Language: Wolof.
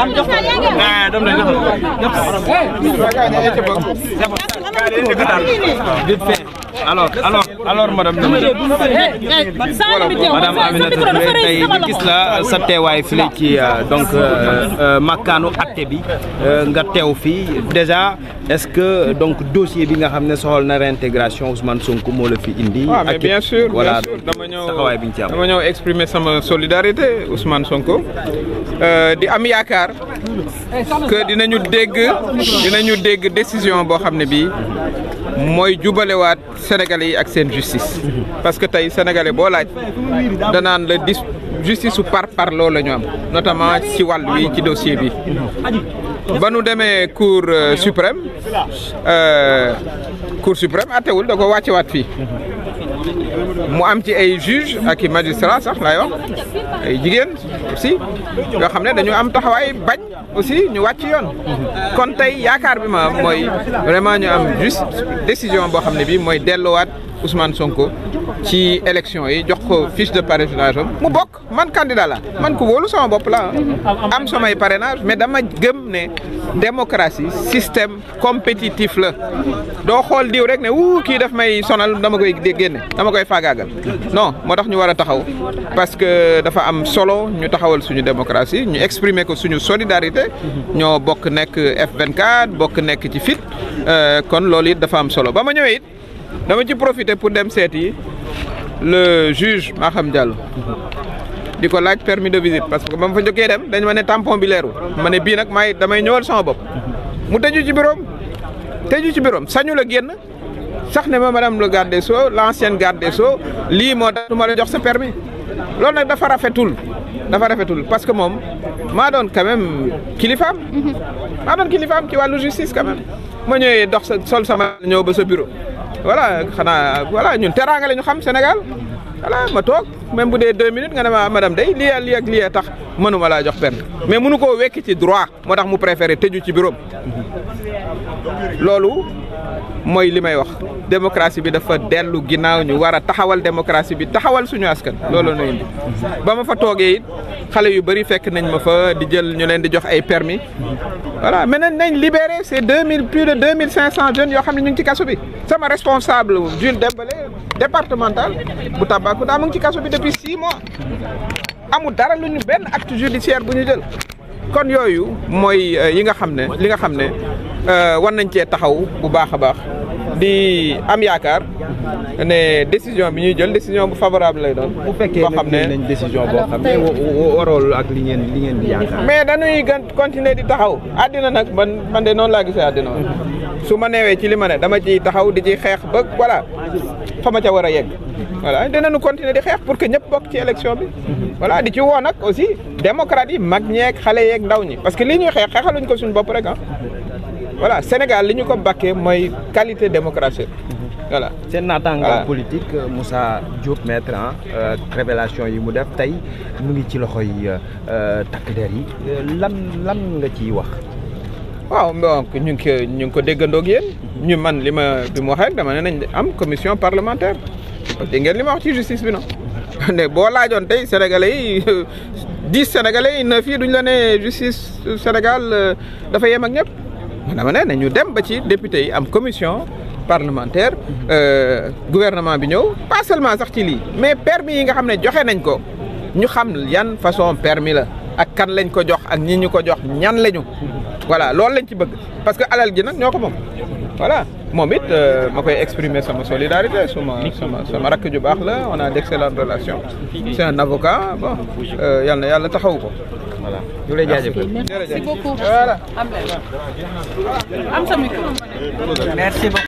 am jox ko eh dem nañ jox ko. alors alors alors madame madame Aminata Touré tey gis la euh, sa teewaay fii ci euh, donc euh, makkaanu atte bi nga teew fii déjà est-ce que donc dossier bi nga xam ne soxal na réintégration Ousmane Sonko moo la fi indi. waaw ah, mais bien sûr dama ñëw taxawaay bi ñu ci am dama ñëw exprimer sama solidarité Ousmane Sonko di am yaakaar dinañu dégg dégg décision boo xam ne bii. mooy jubalewaat sénégalais yi ak seen justice. parce que tey sénégalais boo laaj danaan la dis justice su par par loolu ñu am notamment ci wàll wi ci dossier bi. banu demee cour euh, suprême euh, cour suprême attewul da ko wàccewaat fii. mu am ci ay juge ak i magistrat sax laay wax ay jigéen aussi yoo xam ne dañu am taxawaay bañ aussi ñu wàcc yoon kon tey yaakaar bi ma mooy vraiment ñu am juste décision boo xam ne bi mooy delluwaat Ousmane Sonko ci élection yi jox ko fiche de parrainage am mu bokk man candidat la man ko wóolu sama bopp la am samay parrainage mais dama gëm ne démocratie système compétitif la doo xool diw rek ne wuu kii daf may sonal dama koy di génne dama koy faagaagal non moo tax ñu war a taxaw parce que dafa am solo ñu taxawal suñu démocratie ñu exprimer ko suñu solidarité ñoo bokk nekk F24 bokk nekk ci fit euh, kon loolu it dafa am solo ba ma ñëwee it dama ci profiter pour dem seet yi le juge Maham Diallo di ko laaj permi de visite parce que ba ma fa dem dañ ma ne tampon bi leerul ma ne bii nag maay damay ñëwal sama bopp mu tëju ci biroom tëju ci biroom sañu la génn sax ne moom ma madame le garde des sceaux l' ancienne garde des lii moo da du ma la jox sa permis loolu nag dafa rafetul dafa rafetul parce que moom maa doon quand même kilifaam mhm. maa doon kilifaam ci wàllu justice quand même ma ñëwee dox sa sol sama ñëw ba sa bureau voilà xanaa voilà ñun teraanga la ñu xam Sénégal voilà ma toog même bu dee deux minutes nga ne ma madame day lii ak lii ak lii tax mënuma laa jox permis mais mënu koo wekki ci droit moo tax mu préféré tëju ci bureau loolu mooy li may wax démocratie bi dafa dellu ginnaaw ñu war a taxawal démocratie bi taxawal suñu askan loolu la indi ba ma fa toogee it xale yu bëri fekk nañ ma fa di jël ñu leen di jox ay permis voilà mais nañ libéré c'est deux mille plus de deux mille cinq cent jeunes yoo xam ne ñu ngi ci kaso bi sama responsable Jules Dembélé départemental bu Tambacounda mu ngi ci kaso bi depuis six mois amul dara lu ñu benn acte judiciaire bu ñu jël kon yooyu mooy euh, yi nga xam ne li nga xam ne euh, war nañ cee taxaw bu baax a baax di am yaakaar ne décision bi ñuy jël décision bu favorable lay doon. bu fekkee boo xam ne décision boo xam ne warul ak li ngeen li ngeen di yaakaar. mais dañuy gën continuer di taxaw àddina nag man man de noonu laa gisee àddina su ma newee ci li ma ne dama ciy taxaw di ci xeex ba voilà fa ma ca war a yegg. voilà dinañu continuer di xeex pour que ñëpp bokk ci élection bi. voilà di ci woo nag aussi démocrate yi mag ñeeg xale yeeg ndaw ñi parce que lii ñuy xeex xeexaluñ ko suñu bopp rek ah. voilà Sénégal li ñu ko bakkee mooy qualité démocratique voilà seen naataango politique euh, Moussa Diop maître ah révélation yi mu def tey mu ngi ci loxoy euh, takk der yi lan lan nga ciy wax waaw donc ñu ngi ko ñu ngi ko déggandoo ak ñu man li ma bi mu waxee dama ne nañ am commission parlementaire dégg ngeen li ma wax ci justice bi non boo laajoon tey sénégalais yi dix sénégalais yi neuf yi duñ la ne justice Sénégal dafa yem ak ñëpp dama ne nañu dem ba ci député yi am commission parlementaire mhm. euh, gouvernement bi ñëw pas sax ci lii mais permis yi nga xam ne joxe nañ ko ñu xam yan façon permis la ak kan lañ ko jox ak ñii ñu ko jox ñan lañu. Mhm. voilà loolu lañ ci bëgg parce que alal gi nag ñoo ko moom voilà. moom euh, ma koy exprimer sama solidarité suma sama sama rakk ju baax la on a d'excellentes relations c'est un avocat bon euh, yal na yàlla taxaw ko voilà ñu lay jaajëfal merci beaucoup voilà am sa micro merci beaucoup